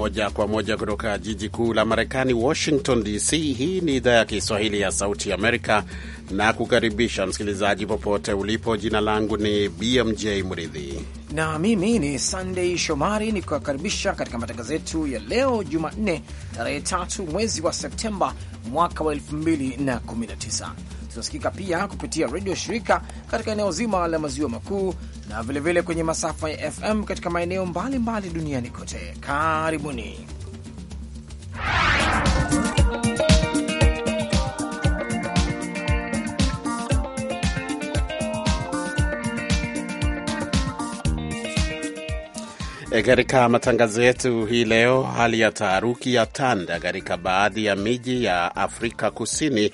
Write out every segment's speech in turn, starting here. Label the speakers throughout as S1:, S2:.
S1: moja kwa moja kutoka jiji kuu la Marekani, Washington DC. Hii ni idhaa ya Kiswahili ya Sauti Amerika na kukaribisha msikilizaji popote ulipo. Jina langu ni BMJ Mridhi
S2: na mimi ni sandey Shomari, ni kukaribisha katika matangazo yetu ya leo Jumanne tarehe tatu mwezi wa Septemba mwaka wa 2019 tunasikika pia kupitia redio shirika katika eneo zima la maziwa makuu na vilevile vile kwenye masafa ya FM katika maeneo mbalimbali duniani kote. Karibuni.
S1: E, katika matangazo yetu hii leo, hali ya taharuki ya tanda katika baadhi ya miji ya Afrika Kusini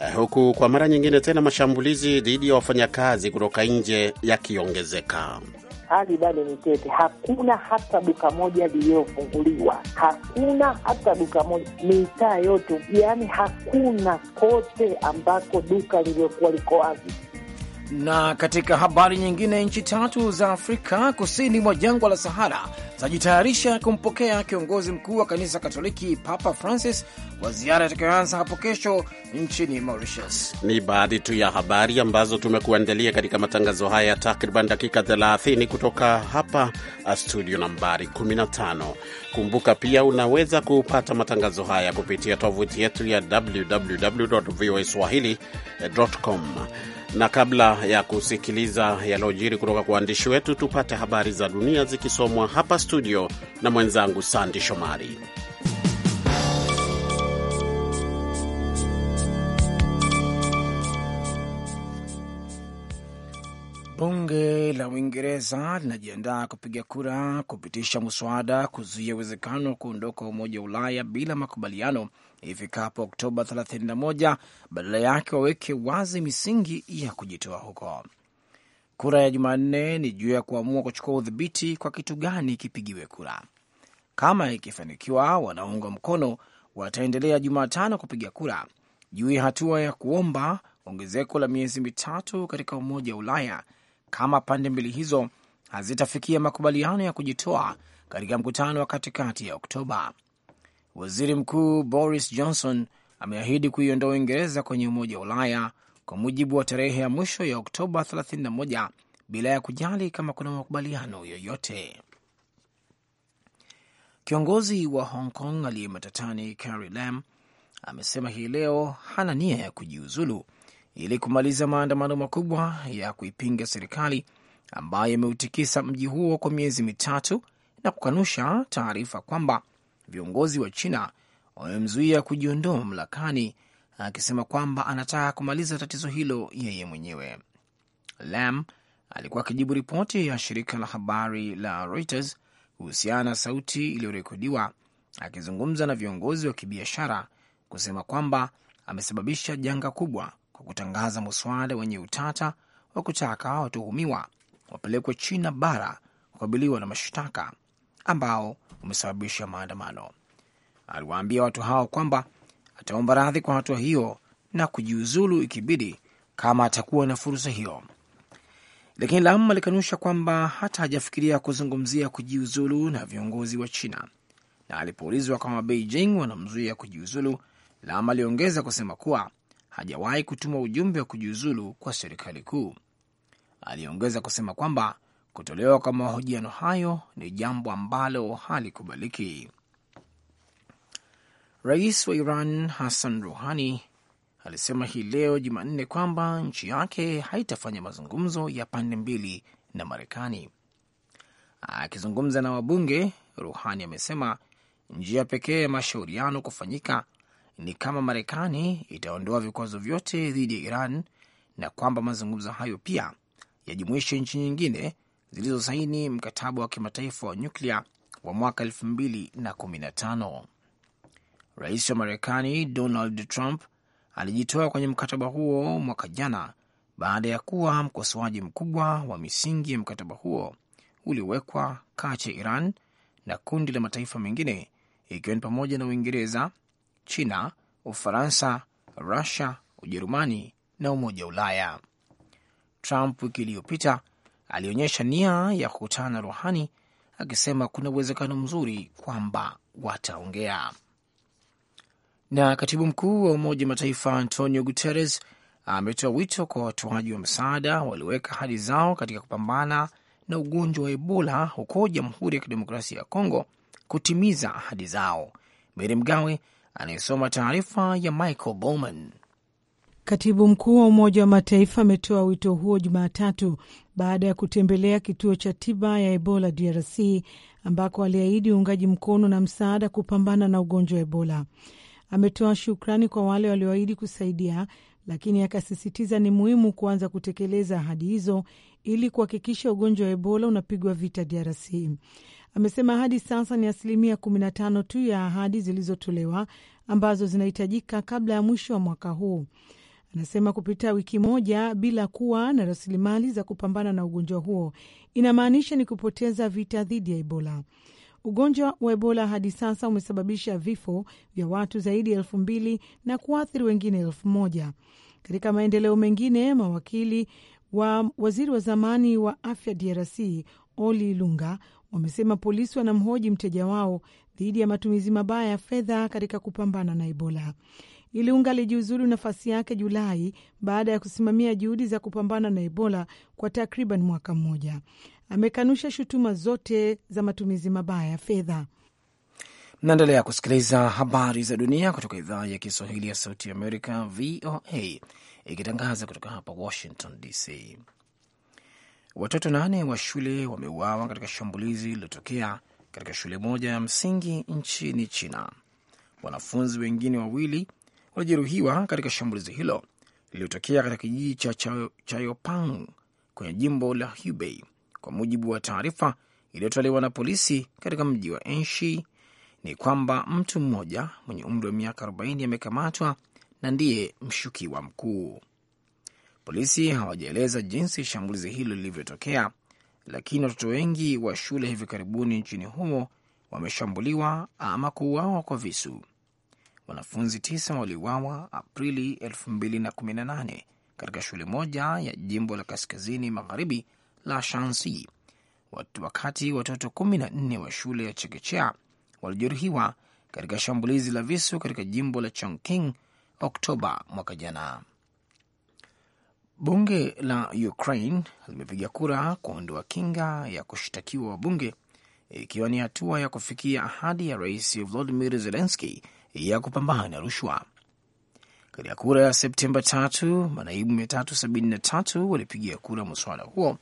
S1: Eh, huku kwa mara nyingine tena mashambulizi dhidi ya wafanyakazi kutoka nje yakiongezeka.
S3: Hali bado ni tete, hakuna hata duka moja liliyofunguliwa, hakuna hata duka moja, mitaa yote, yaani hakuna kote ambako duka lililokuwa liko wazi.
S2: Na katika habari nyingine, nchi tatu za Afrika kusini mwa jangwa la Sahara zinajitayarisha kumpokea kiongozi mkuu wa kanisa Katoliki Papa Francis kwa ziara itakayoanza hapo kesho nchini Mauritius.
S1: Ni baadhi tu ya habari ambazo tumekuandalia katika matangazo haya takriban dakika 30 kutoka hapa uh, studio nambari 15. Kumbuka pia unaweza kupata matangazo haya kupitia tovuti yetu ya www voa swahili.com na kabla ya kusikiliza yaliyojiri kutoka kwa waandishi wetu, tupate habari za dunia zikisomwa hapa studio na mwenzangu Sandi Shomari. Bunge
S2: la Uingereza linajiandaa kupiga kura kupitisha mswada kuzuia uwezekano wa kuondoka Umoja wa Ulaya bila makubaliano ifikapo Oktoba 31, badala yake waweke wazi misingi ya kujitoa huko. Kura ya Jumanne ni juu ya kuamua kuchukua udhibiti kwa kitu gani kipigiwe kura. Kama ikifanikiwa, wanaunga mkono wataendelea Jumatano kupiga kura juu ya hatua ya kuomba ongezeko la miezi mitatu katika Umoja wa Ulaya kama pande mbili hizo hazitafikia makubaliano ya kujitoa katika mkutano wa katikati ya Oktoba. Waziri Mkuu Boris Johnson ameahidi kuiondoa Uingereza kwenye Umoja wa Ulaya kwa mujibu wa tarehe ya mwisho ya Oktoba 31 bila ya kujali kama kuna makubaliano yoyote. Kiongozi wa Hong Kong aliye matatani Carrie Lam amesema hii leo hana nia ya kujiuzulu ili kumaliza maandamano makubwa ya kuipinga serikali ambayo imeutikisa mji huo kwa miezi mitatu na kukanusha taarifa kwamba viongozi wa China wamemzuia kujiondoa mamlakani, akisema kwamba anataka kumaliza tatizo hilo yeye mwenyewe. Lam alikuwa akijibu ripoti ya shirika la habari la Reuters kuhusiana na sauti iliyorekodiwa akizungumza na viongozi wa kibiashara kusema kwamba amesababisha janga kubwa kwa kutangaza muswada wenye utata wa kutaka watuhumiwa wapelekwe China bara kukabiliwa na mashtaka ambao umesababisha maandamano. Aliwaambia watu hao kwamba ataomba radhi kwa hatua hiyo na kujiuzulu ikibidi kama atakuwa na fursa hiyo, lakini Lam alikanusha kwamba hata hajafikiria kuzungumzia kujiuzulu na viongozi wa China, na alipoulizwa kama Beijing wanamzuia kujiuzulu, Lam aliongeza kusema kuwa hajawahi kutuma ujumbe wa kujiuzulu kwa serikali kuu. Aliongeza kusema kwamba Kutolewa kwa mahojiano hayo ni jambo ambalo halikubaliki. Rais wa Iran Hassan Rouhani alisema hii leo Jumanne kwamba nchi yake haitafanya mazungumzo ya pande mbili na Marekani. Akizungumza na wabunge, Rouhani amesema njia pekee ya mashauriano kufanyika ni kama Marekani itaondoa vikwazo vyote dhidi ya Iran na kwamba mazungumzo hayo pia yajumuishe nchi nyingine zilizosaini mkataba wa kimataifa wa nyuklia wa mwaka 2015. Rais wa Marekani Donald Trump alijitoa kwenye mkataba huo mwaka jana baada ya kuwa mkosoaji mkubwa wa misingi ya mkataba huo uliowekwa kati ya Iran na kundi la mataifa mengine ikiwa ni pamoja na Uingereza, China, Ufaransa, Rusia, Ujerumani na Umoja wa Ulaya. Trump wiki iliyopita alionyesha nia ya kukutana na Ruhani akisema kuna uwezekano mzuri kwamba wataongea. Na katibu mkuu wa Umoja wa Mataifa Antonio Guterres ametoa wito kwa watoaji wa msaada walioweka hadi zao katika kupambana na ugonjwa wa Ebola huko Jamhuri ya Kidemokrasia ya Kongo kutimiza ahadi zao. Meri Mgawe anayesoma taarifa ya Michael Bowman.
S4: Katibu mkuu wa Umoja wa Mataifa ametoa wito huo Jumatatu baada ya kutembelea kituo cha tiba ya Ebola DRC ambako aliahidi uungaji mkono na msaada kupambana na ugonjwa wa Ebola. Ametoa shukrani kwa wale walioahidi kusaidia, lakini akasisitiza ni muhimu kuanza kutekeleza ahadi hizo ili kuhakikisha ugonjwa wa Ebola unapigwa vita DRC. Amesema hadi sasa ni asilimia 15 tu ya ahadi zilizotolewa ambazo zinahitajika kabla ya mwisho wa mwaka huu. Anasema kupita wiki moja bila kuwa na rasilimali za kupambana na ugonjwa huo inamaanisha ni kupoteza vita dhidi ya Ebola. Ugonjwa wa Ebola hadi sasa umesababisha vifo vya watu zaidi ya elfu mbili na kuathiri wengine elfu moja. Katika maendeleo mengine, mawakili wa waziri wa zamani wa afya DRC Oli Lunga wamesema polisi wanamhoji mteja wao dhidi ya matumizi mabaya ya fedha katika kupambana na Ebola. Ilunga alijiuzulu nafasi yake Julai baada ya kusimamia juhudi za kupambana na Ebola kwa takriban mwaka mmoja. Amekanusha shutuma zote za matumizi mabaya ya fedha.
S2: Naendelea kusikiliza habari za dunia kutoka idhaa ya Kiswahili ya Sauti Amerika, VOA, ikitangaza kutoka hapa Washington DC. Watoto nane wa shule wameuawa katika shambulizi lililotokea katika shule moja ya msingi nchini China. Wanafunzi wengine wawili walijeruhiwa katika shambulizi hilo lililotokea katika kijiji cha Chayopang kwenye jimbo la Hubei, kwa mujibu wa taarifa iliyotolewa na polisi katika mji wa Enshi ni kwamba mtu mmoja mwenye umri wa miaka 40 amekamatwa na ndiye mshukiwa mkuu. Polisi hawajaeleza jinsi shambulizi hilo lilivyotokea, lakini watoto wengi wa shule hivi karibuni nchini humo wameshambuliwa ama kuuawa kwa visu wanafunzi tisa waliuawa Aprili 2018 katika shule moja ya jimbo la kaskazini magharibi la Shansi, wakati watoto 14 wa shule ya chekechea walijeruhiwa katika shambulizi la visu katika jimbo la Chongqing Oktoba mwaka jana. Bunge la Ukraine limepiga kura kuondoa kinga ya kushtakiwa wabunge, ikiwa ni hatua ya kufikia ahadi ya Rais Volodimir Zelenski ya kupambana na rushwa. Katika kura ya Septemba tatu, manaibu tatu walipigia kura mswada huo,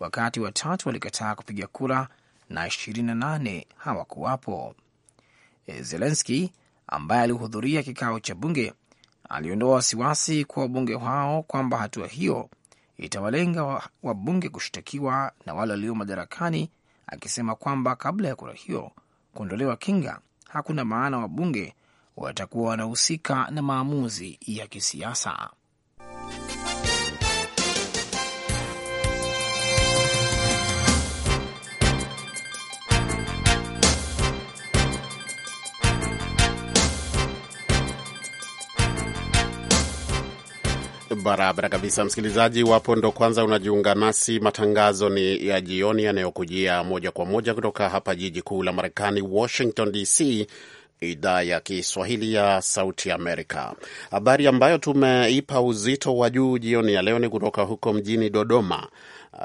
S2: wakati watatu walikataa kupiga kura na nane hawakuwapo. E, Zelenski ambaye alihudhuria kikao cha bunge aliondoa wasiwasi kwa wabunge hao kwamba hatua hiyo itawalenga wabunge kushtakiwa na wale walio madarakani, akisema kwamba kabla ya kura hiyo kuondolewa kinga, hakuna maana wabunge watakuwa wanahusika na maamuzi ya kisiasa.
S1: Barabara kabisa, msikilizaji wapo ndo kwanza unajiunga nasi, matangazo ni ya jioni yanayokujia moja kwa moja kutoka hapa jiji kuu la Marekani, Washington DC, idhaa ya Kiswahili ya Sauti Amerika. Habari ambayo tumeipa uzito wa juu jioni ya leo ni kutoka huko mjini Dodoma.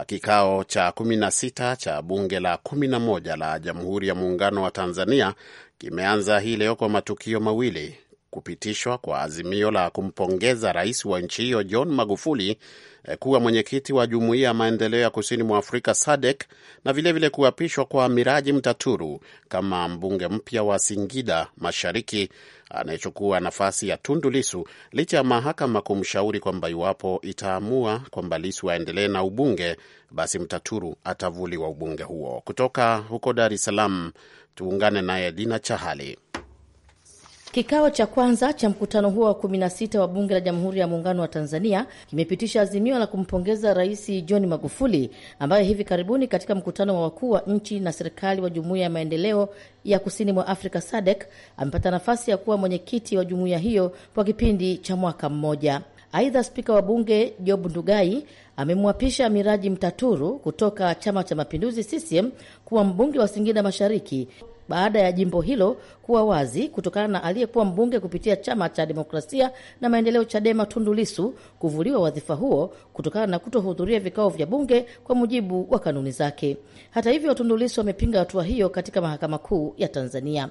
S1: Kikao cha 16 cha bunge la 11 la Jamhuri ya Muungano wa Tanzania kimeanza hii leo kwa matukio mawili kupitishwa kwa azimio la kumpongeza rais wa nchi hiyo John Magufuli eh, kuwa mwenyekiti wa jumuiya ya maendeleo ya kusini mwa Afrika SADC na vilevile kuapishwa kwa Miraji Mtaturu kama mbunge mpya wa Singida Mashariki anayechukua nafasi ya Tundu Lisu licha ya mahakama kumshauri kwamba iwapo itaamua kwamba Lisu aendelee na ubunge, basi Mtaturu atavuliwa ubunge huo. Kutoka huko Dar es Salaam tuungane naye Dina Chahali.
S5: Kikao cha kwanza cha mkutano huo wa kumi na sita wa bunge la Jamhuri ya Muungano wa Tanzania kimepitisha azimio la kumpongeza Rais John Magufuli ambaye hivi karibuni katika mkutano wa wakuu wa nchi na serikali wa Jumuiya ya Maendeleo ya Kusini mwa Afrika SADC amepata nafasi ya kuwa mwenyekiti wa jumuiya hiyo kwa kipindi cha mwaka mmoja. Aidha, spika wa bunge Job Ndugai amemwapisha Miraji Mtaturu kutoka Chama cha Mapinduzi CCM kuwa mbunge wa Singida Mashariki baada ya jimbo hilo kuwa wazi kutokana na aliyekuwa mbunge kupitia chama cha demokrasia na maendeleo Chadema tundulisu kuvuliwa wadhifa huo kutokana na kutohudhuria vikao vya bunge kwa mujibu wa kanuni zake. Hata hivyo, Tundulisu amepinga hatua hiyo katika mahakama kuu ya Tanzania.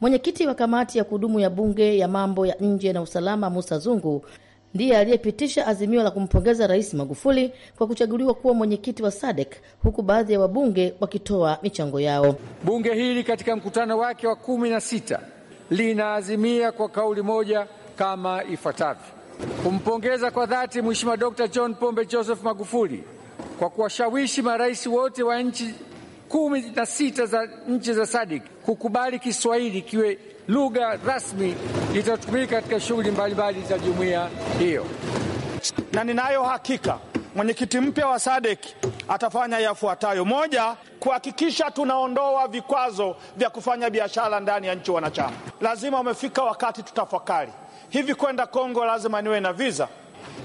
S5: Mwenyekiti wa kamati ya kudumu ya bunge ya mambo ya nje na usalama Musa Zungu ndiye aliyepitisha azimio la kumpongeza Rais Magufuli kwa kuchaguliwa kuwa mwenyekiti wa SADC huku baadhi ya wabunge wakitoa michango yao.
S2: Bunge hili katika mkutano wake wa kumi na sita linaazimia kwa kauli moja kama ifuatavyo: kumpongeza kwa dhati Mheshimiwa Dr. John Pombe Joseph Magufuli kwa kuwashawishi marais wote wa nchi kumi na sita za nchi za SADC kukubali Kiswahili kiwe lugha rasmi itatumika katika shughuli mbalimbali za jumuiya hiyo,
S6: na ninayo hakika mwenyekiti mpya wa sadek atafanya yafuatayo: moja, kuhakikisha tunaondoa vikwazo vya kufanya biashara ndani ya nchi wanachama. Lazima umefika wakati tutafakari hivi, kwenda Kongo lazima niwe na viza?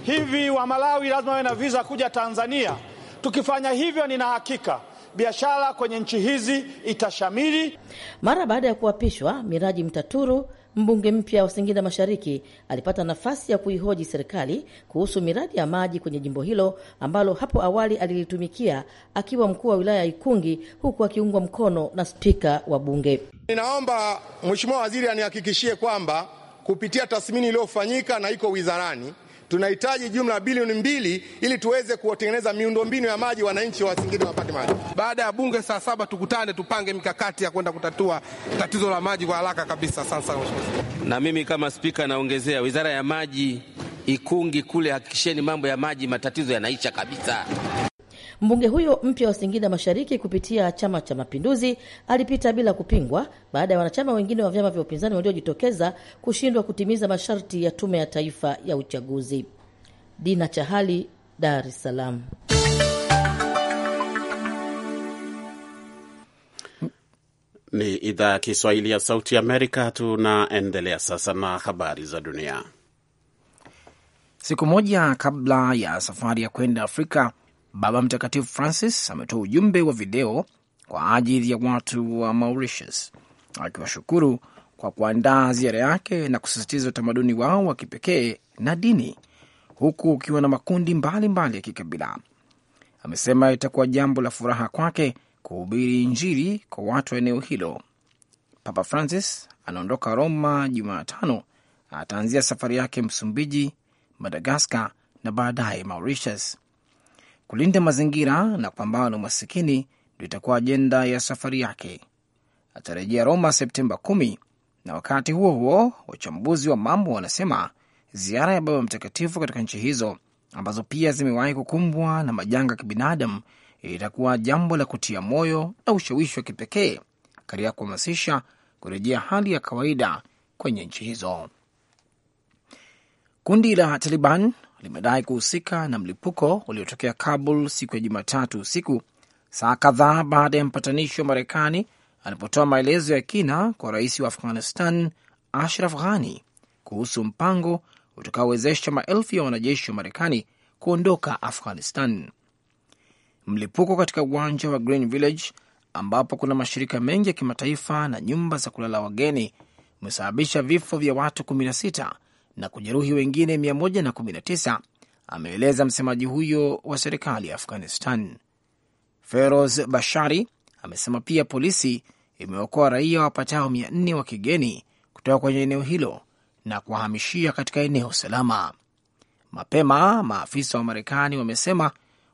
S6: Hivi wa Malawi lazima niwe na viza kuja Tanzania? Tukifanya hivyo, nina hakika biashara kwenye nchi hizi itashamiri. Mara baada ya kuapishwa,
S5: Miraji Mtaturu, mbunge mpya wa Singida Mashariki, alipata nafasi ya kuihoji serikali kuhusu miradi ya maji kwenye jimbo hilo ambalo hapo awali alilitumikia akiwa mkuu wa wilaya ya Ikungi, huku akiungwa mkono na spika wa Bunge.
S1: Ninaomba Mheshimiwa Waziri anihakikishie kwamba kupitia tathmini iliyofanyika na iko wizarani tunahitaji jumla bilioni mbili ili tuweze kuwatengeneza miundombinu ya maji, wananchi wa Singida wapate maji. Baada ya bunge saa saba tukutane, tupange mikakati ya kwenda kutatua tatizo la maji kwa haraka kabisa. Sasa na mimi kama spika naongezea wizara ya maji Ikungi kule, hakikisheni mambo ya maji, matatizo yanaisha kabisa.
S5: Mbunge huyo mpya wa Singida Mashariki kupitia Chama cha Mapinduzi alipita bila kupingwa baada ya wanachama wengine wa vyama vya upinzani waliojitokeza kushindwa kutimiza masharti ya Tume ya Taifa ya Uchaguzi. Dina Chahali, Dar es Salaam.
S1: Ni idhaa ya Kiswahili ya Sauti Amerika. Tunaendelea sasa na habari za dunia.
S2: Siku moja kabla ya safari ya kwenda Afrika, Baba Mtakatifu Francis ametoa ujumbe wa video kwa ajili ya watu wa Mauritius akiwashukuru kwa kuandaa ziara yake na kusisitiza utamaduni wao wa kipekee na dini, huku ukiwa na makundi mbalimbali mbali ya kikabila. Amesema itakuwa jambo la furaha kwake kuhubiri Injili kwa watu wa eneo hilo. Papa Francis anaondoka Roma Jumatano, ataanzia safari yake Msumbiji, Madagaskar na baadaye Mauritius Kulinda mazingira na kupambana na umasikini ndio itakuwa ajenda ya safari yake. Atarejea Roma Septemba kumi, na wakati huo huo wachambuzi wa mambo wanasema ziara ya Baba Mtakatifu katika nchi hizo ambazo pia zimewahi kukumbwa na majanga ya kibinadamu itakuwa jambo la kutia moyo na ushawishi wa kipekee katika kuhamasisha kurejea hali ya kawaida kwenye nchi hizo. Kundi la Taliban limedai kuhusika na mlipuko uliotokea Kabul siku ya Jumatatu usiku, saa kadhaa baada ya mpatanishi wa Marekani alipotoa maelezo ya kina kwa rais wa Afghanistan Ashraf Ghani kuhusu mpango utakaowezesha maelfu ya wanajeshi wa Marekani kuondoka Afghanistan. Mlipuko katika uwanja wa Green Village ambapo kuna mashirika mengi ya kimataifa na nyumba za kulala wageni umesababisha vifo vya watu sita na kujeruhi wengine 119, ameeleza msemaji huyo wa serikali ya Afghanistan. Feroz Bashari amesema pia polisi imeokoa raia wapatao 400 wa kigeni kutoka kwenye eneo hilo na kuwahamishia katika eneo salama. Mapema maafisa wa Marekani wamesema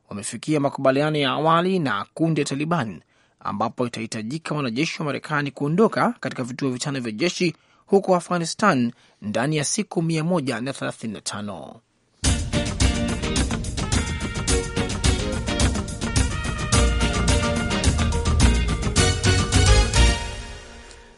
S2: wamefikia makubaliano ya awali na kundi ya Taliban ambapo itahitajika wanajeshi wa Marekani kuondoka katika vituo vitano vya jeshi huko Afghanistan ndani ya siku 135.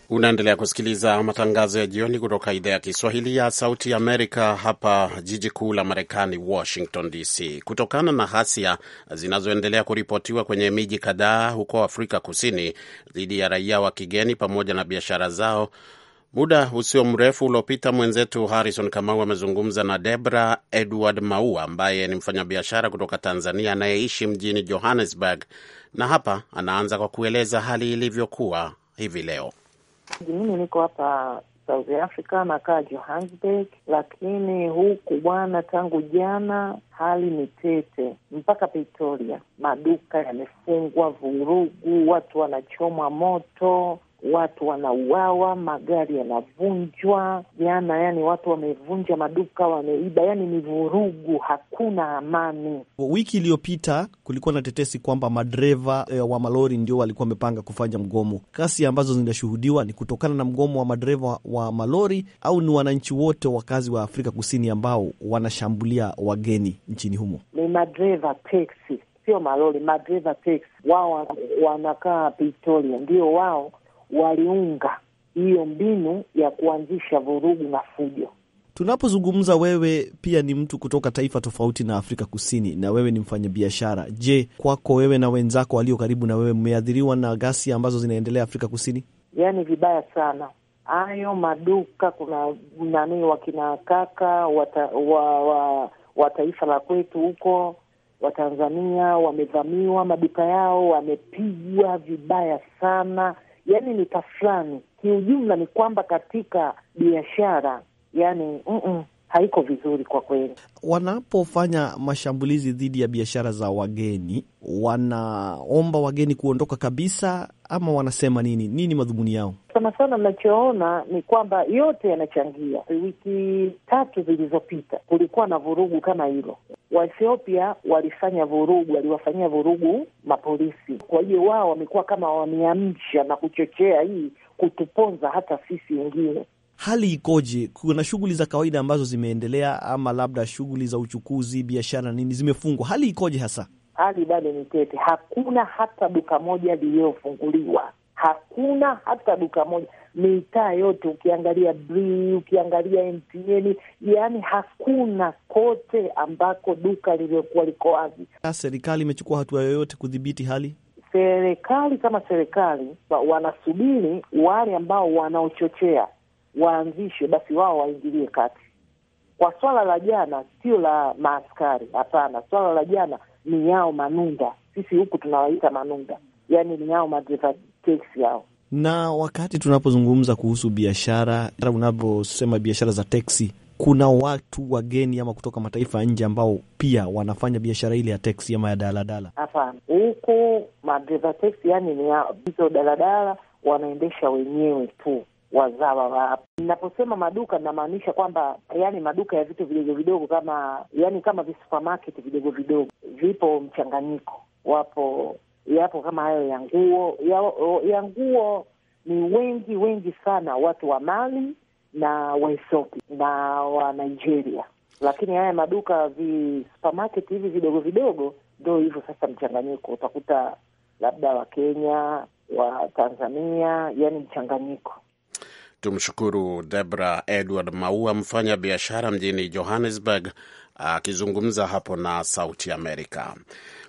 S1: Unaendelea kusikiliza matangazo ya jioni kutoka idhaa ya Kiswahili ya Sauti Amerika, hapa jiji kuu la Marekani, Washington DC. Kutokana na ghasia zinazoendelea kuripotiwa kwenye miji kadhaa huko Afrika Kusini dhidi ya raia wa kigeni pamoja na biashara zao Muda usio mrefu uliopita mwenzetu Harrison Kamau amezungumza na Debra Edward Maua ambaye ni mfanyabiashara kutoka Tanzania anayeishi mjini Johannesburg, na hapa anaanza kwa kueleza hali ilivyokuwa hivi leo. Mimi niko
S3: hapa South Africa, nakaa Johannesburg, lakini huku bwana, tangu jana hali ni tete, mpaka Pretoria maduka yamefungwa, vurugu, watu wanachomwa moto watu wanauawa, magari yanavunjwa jana, yani watu wamevunja maduka, wameiba, yani ni vurugu, hakuna amani.
S6: Wiki iliyopita kulikuwa na tetesi kwamba madereva e, wa malori ndio walikuwa wamepanga kufanya mgomo. Kasi ambazo zinashuhudiwa ni kutokana na mgomo wa madereva wa malori au ni wananchi wote wakazi wa Afrika Kusini ambao wanashambulia wageni nchini humo?
S3: Ni madereva teksi, sio malori, madereva teksi. Wao wanakaa Pretoria, ndio wao waliunga hiyo mbinu ya kuanzisha vurugu na fujo.
S6: Tunapozungumza, wewe pia ni mtu kutoka taifa tofauti na Afrika Kusini, na wewe ni mfanyabiashara. Je, kwako wewe na wenzako walio karibu na wewe mmeathiriwa na ghasia ambazo zinaendelea Afrika Kusini?
S3: Yaani vibaya sana hayo maduka. Kuna nani, wakina kaka wata, wa, wa, wa taifa la kwetu huko Watanzania wamevamiwa maduka yao, wamepigwa vibaya sana yani ni tafulani. Kiujumla ni kwamba katika biashara yani mm -mm haiko vizuri kwa kweli.
S6: Wanapofanya mashambulizi dhidi ya biashara za wageni, wanaomba wageni kuondoka kabisa, ama wanasema nini? Nini madhumuni yao?
S3: Sana sana mnachoona ni kwamba yote yanachangia. Wiki tatu zilizopita kulikuwa na vurugu kama hilo. Waethiopia walifanya vurugu, waliwafanyia vurugu mapolisi. Kwa hiyo wao wamekuwa kama wameamsha na kuchochea hii kutuponza hata sisi wengine
S6: hali ikoje? Kuna shughuli za kawaida ambazo zimeendelea, ama labda shughuli za uchukuzi, biashara, nini zimefungwa? Hali ikoje hasa?
S3: Hali bado ni tete, hakuna hata duka moja liliyofunguliwa, hakuna hata duka moja. Mitaa yote ukiangalia Brii, ukiangalia MTN, yaani hakuna kote ambako duka lilivyokuwa liko wazi.
S6: Serikali imechukua hatua yoyote kudhibiti hali?
S3: Serikali kama serikali wanasubiri wale ambao wanaochochea waanzishwe, basi wao waingilie kati. Kwa swala la jana, sio la maaskari, hapana. Swala la jana ni yao manunda, sisi huku tunawaita manunda, yani ni yao madereva teksi yao.
S6: Na wakati tunapozungumza kuhusu biashara, unavyosema biashara za teksi, kuna watu wageni ama kutoka mataifa ya nje ambao pia wanafanya biashara ile ya teksi ama ya daladala?
S3: Hapana, huku madereva teksi, yani ni hizo daladala wanaendesha wenyewe tu wazawa wa. Naposema maduka namaanisha kwamba yani maduka ya vitu vidogo vidogo, kama yani kama visupamaketi vidogo vidogo, vipo mchanganyiko, wapo yapo kama hayo ya nguo ya, ya nguo ni wengi wengi sana watu wa Mali na Waethiopia na wa Nigeria, lakini haya maduka vi supermarket hivi vidogo vidogo ndo hivyo sasa, mchanganyiko utakuta labda Wakenya wa Tanzania, yani mchanganyiko.
S1: Tumshukuru Debra Edward Maua, mfanya biashara mjini Johannesburg, akizungumza hapo na Sauti Amerika.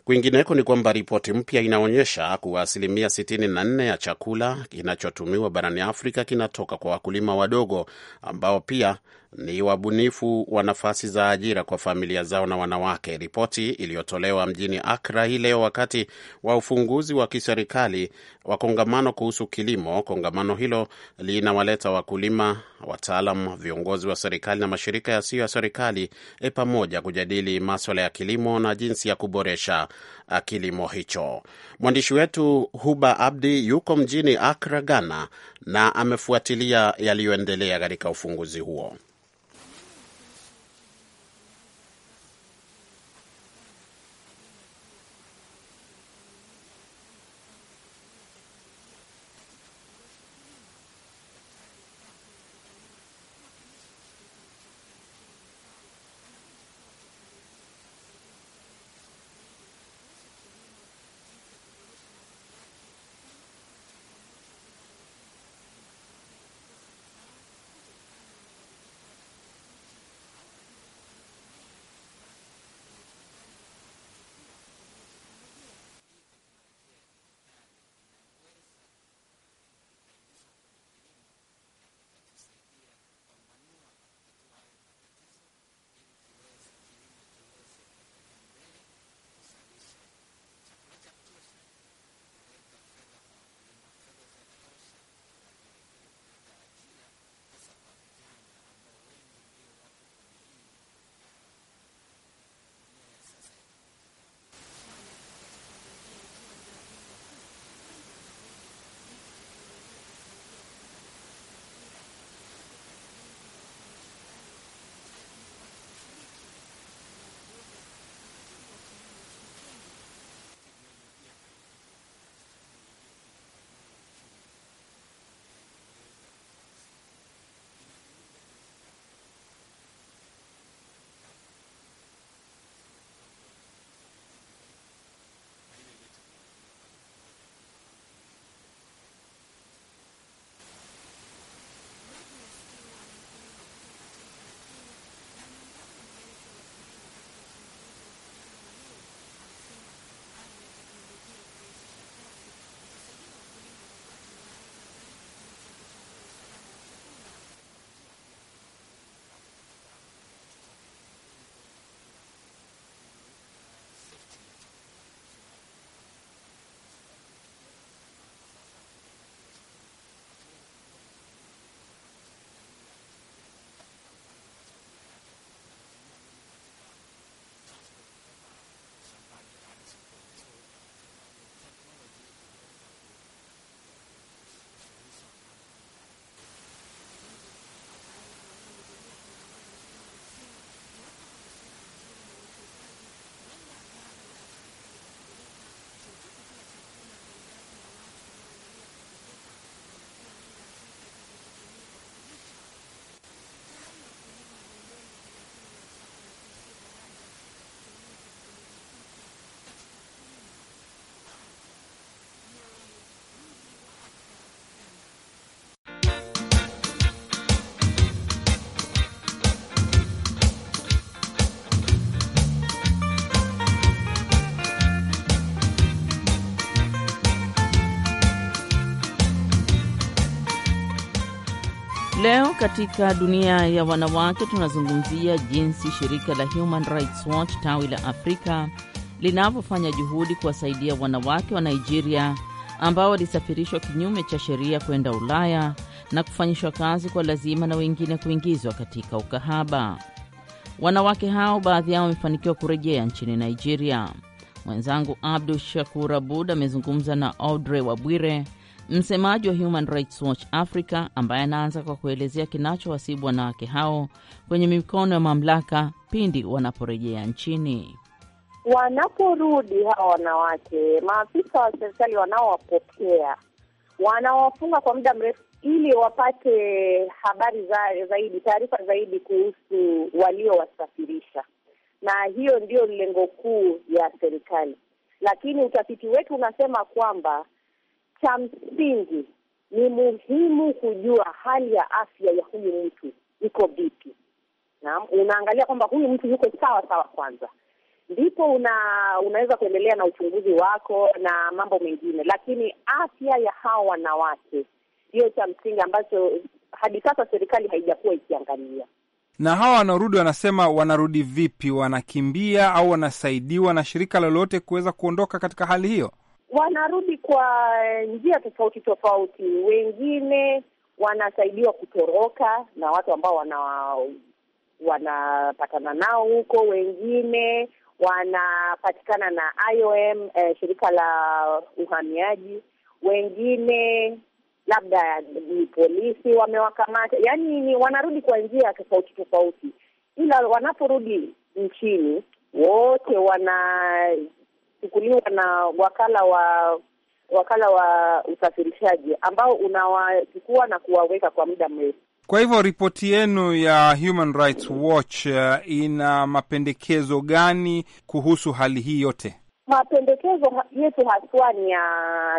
S1: Kwingineko ni kwamba ripoti mpya inaonyesha kuwa asilimia 64 ya chakula kinachotumiwa barani Afrika kinatoka kwa wakulima wadogo ambao pia ni wabunifu wa nafasi za ajira kwa familia zao na wanawake. Ripoti iliyotolewa mjini Akra hii leo wakati wa ufunguzi wa kiserikali wa kongamano kuhusu kilimo. Kongamano hilo linawaleta wakulima, wataalam, viongozi wa serikali na mashirika yasiyo ya serikali e pamoja kujadili maswala ya kilimo na jinsi ya kuboresha ah, kilimo hicho. Mwandishi wetu Huba Abdi yuko mjini Akra, Ghana, na amefuatilia yaliyoendelea katika ufunguzi huo.
S5: katika dunia ya wanawake tunazungumzia jinsi shirika la Human Rights Watch tawi la Afrika linavyofanya juhudi kuwasaidia wanawake wa Nigeria ambao walisafirishwa kinyume cha sheria kwenda Ulaya na kufanyishwa kazi kwa lazima na wengine kuingizwa katika ukahaba. Wanawake hao baadhi yao wamefanikiwa kurejea nchini Nigeria. Mwenzangu Abdu Shakur Abud amezungumza na Audrey Wabwire Msemaji wa Human Rights Watch Africa ambaye anaanza kwa kuelezea kinachowasibu wanawake hao kwenye mikono ya mamlaka pindi wanaporejea nchini.
S7: Wanaporudi hawa wanawake, maafisa wa serikali wanaowapokea wanawafunga kwa muda mrefu ili wapate habari za zaidi, taarifa zaidi kuhusu waliowasafirisha, na hiyo ndiyo lengo kuu ya serikali. Lakini utafiti wetu unasema kwamba cha msingi ni muhimu kujua hali ya afya ya huyu mtu iko vipi. Naam, unaangalia kwamba huyu mtu yuko sawa sawa kwanza, ndipo una, unaweza kuendelea na uchunguzi wako na mambo mengine, lakini afya ya hawa wanawake ndiyo cha msingi ambacho hadi sasa serikali haijakuwa ikiangalia.
S2: Na hawa wanarudi, wanasema wanarudi vipi? Wanakimbia au wanasaidiwa na shirika lolote kuweza kuondoka katika hali hiyo?
S7: wanarudi kwa eh, njia tofauti tofauti. Wengine wanasaidiwa kutoroka na watu ambao wana wanapatana nao huko, wengine wanapatikana na IOM, eh, shirika la uhamiaji, wengine labda ni polisi wamewakamata. Yani ni wanarudi kwa njia tofauti tofauti, ila wanaporudi nchini wote wana unachukuliwa na wakala wa wakala wa usafirishaji ambao unawachukua na kuwaweka kwa muda mrefu.
S2: Kwa hivyo ripoti yenu ya Human Rights Watch uh, ina mapendekezo
S1: gani kuhusu hali hii yote?
S7: Mapendekezo yetu haswa ni ya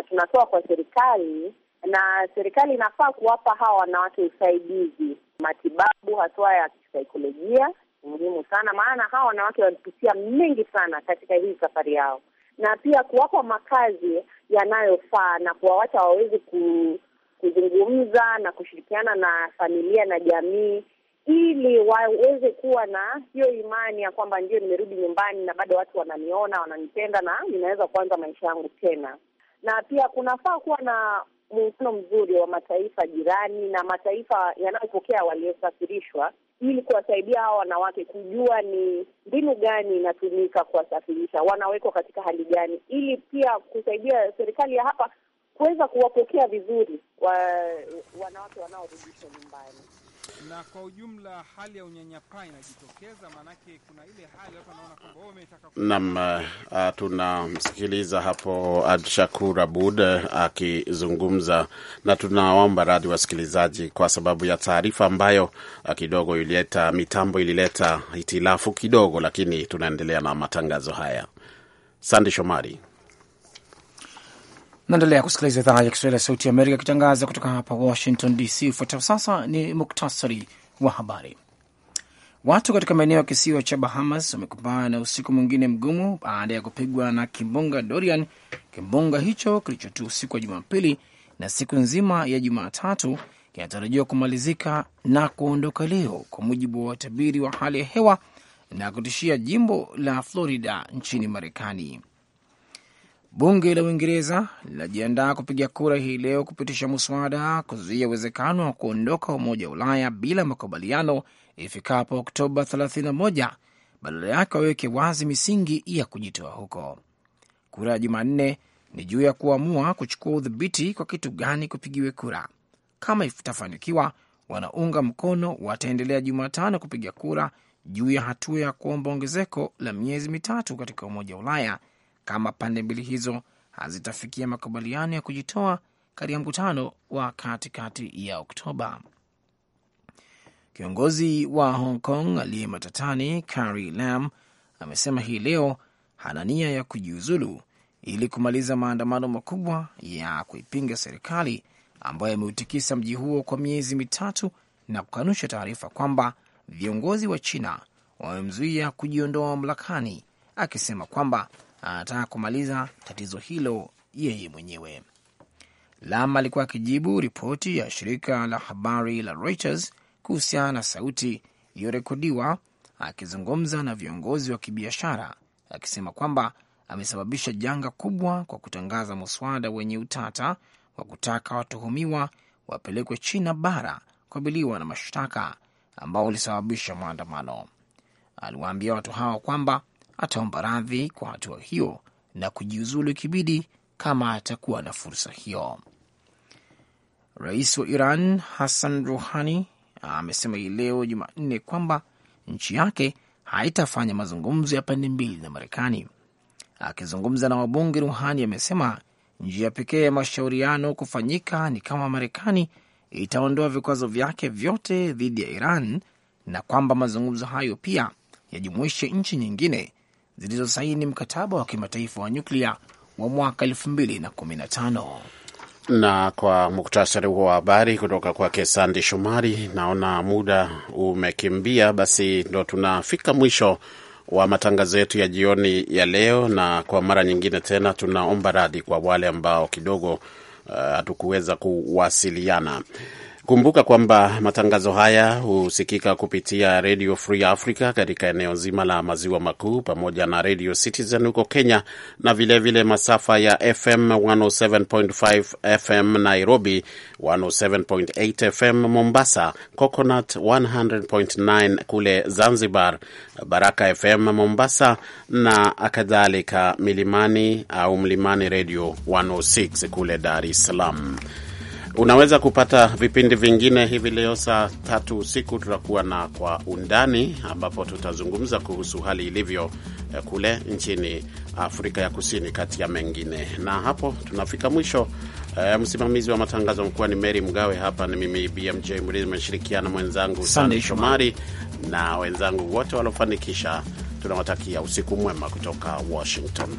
S7: tunatoa kwa serikali, na serikali inafaa kuwapa hawa wanawake usaidizi, matibabu haswa ya kisaikolojia, muhimu sana, maana hawa wanawake walipitia mengi sana katika hii safari yao na pia kuwapa makazi yanayofaa na kuwawacha wawezi ku, kuzungumza na kushirikiana na familia na jamii ili waweze kuwa na hiyo imani ya kwamba ndio nimerudi nyumbani na bado watu wananiona, wananipenda na ninaweza kuanza maisha yangu tena. Na pia kunafaa kuwa na muungano mzuri wa mataifa jirani na mataifa yanayopokea waliosafirishwa ili kuwasaidia hawa wanawake kujua ni mbinu gani inatumika kuwasafirisha, wanawekwa katika hali gani, ili pia kusaidia serikali ya hapa kuweza kuwapokea vizuri
S2: wa, wanawake wanaorudishwa nyumbani na kwa ujumla hali ya unyanyapaa inajitokeza, maanake kuna ile hali watu wanaona kwamba
S1: wao wametaka. Naam, ah, tunamsikiliza hapo Abdushakur Abud ah, akizungumza, na tunawaomba radhi wasikilizaji kwa sababu ya taarifa ambayo ah, kidogo ilileta mitambo ilileta hitilafu kidogo, lakini tunaendelea na matangazo haya. Sande Shomari.
S2: Naendelea kusikiliza idhaa ya Kiswahili ya Sauti ya Amerika ikitangaza kutoka hapa Washington DC. Ufuatao sasa ni muktasari wa habari. Watu katika maeneo ya kisiwa cha Bahamas wamekumbana na usiku mwingine mgumu baada ya kupigwa na kimbunga Dorian. Kimbunga hicho kilichotua usiku wa Jumapili na siku nzima ya Jumatatu kinatarajiwa kumalizika na kuondoka leo, kwa mujibu wa watabiri wa hali ya hewa, na kutishia jimbo la Florida nchini Marekani. Bunge la Uingereza linajiandaa kupiga kura hii leo kupitisha muswada kuzuia uwezekano wa kuondoka Umoja wa Ulaya bila makubaliano ifikapo Oktoba 31, badala yake waweke wazi misingi ya kujitoa huko. Kura ya Jumanne ni juu ya kuamua kuchukua udhibiti kwa kitu gani kupigiwe kura. Kama itafanikiwa, wanaunga mkono wataendelea Jumatano kupiga kura juu ya hatua ya kuomba ongezeko la miezi mitatu katika Umoja wa Ulaya kama pande mbili hizo hazitafikia makubaliano ya kujitoa katika mkutano wa katikati ya Oktoba. Kiongozi wa Hong Kong aliye matatani Carrie Lam amesema hii leo hana nia ya kujiuzulu ili kumaliza maandamano makubwa ya kuipinga serikali ambayo yameutikisa mji huo kwa miezi mitatu na kukanusha taarifa kwamba viongozi wa China wamemzuia kujiondoa mamlakani, akisema kwamba anataka kumaliza tatizo hilo yeye mwenyewe. Lam alikuwa akijibu ripoti ya shirika la habari la Reuters kuhusiana na sauti iliyorekodiwa akizungumza na viongozi wa kibiashara akisema kwamba amesababisha janga kubwa kwa kutangaza muswada wenye utata wa kutaka watuhumiwa wapelekwe China bara kukabiliwa na mashtaka ambao ulisababisha maandamano. Aliwaambia watu hao kwamba ataomba radhi kwa hatua hiyo na kujiuzulu ikibidi kama atakuwa na fursa hiyo. Rais wa Iran Hassan Ruhani amesema hii leo Jumanne kwamba nchi yake haitafanya mazungumzo ya pande mbili na Marekani. Akizungumza na wabunge, Ruhani amesema njia pekee ya mashauriano kufanyika ni kama Marekani itaondoa vikwazo vyake vyote dhidi ya Iran na kwamba mazungumzo hayo pia yajumuishe nchi nyingine zilizosaini mkataba wa kimataifa wa nyuklia wa mwaka 215
S1: na kwa muktasari huo wa habari kutoka kwake Sandi Shomari. Naona muda umekimbia, basi ndo tunafika mwisho wa matangazo yetu ya jioni ya leo, na kwa mara nyingine tena tunaomba radhi kwa wale ambao kidogo eh, hatukuweza uh, kuwasiliana. Kumbuka kwamba matangazo haya husikika kupitia Radio Free Africa katika eneo zima la maziwa makuu pamoja na Radio Citizen huko Kenya na vilevile vile masafa ya FM 107.5 FM Nairobi, 107.8 FM Mombasa, Coconut 100.9 kule Zanzibar, Baraka FM Mombasa na kadhalika, Milimani au Mlimani Radio 106 kule Dar es Salaam. Unaweza kupata vipindi vingine hivi leo saa tatu usiku tutakuwa na Kwa Undani, ambapo tutazungumza kuhusu hali ilivyo eh, kule nchini Afrika ya Kusini, kati ya mengine. Na hapo tunafika mwisho. Uh, msimamizi wa matangazo mkuu ni Mary Mgawe, hapa ni mimi BMJ mrii nimeshirikiana mwenzangu Sande Shomari na wenzangu wote waliofanikisha. Tunawatakia usiku mwema kutoka Washington.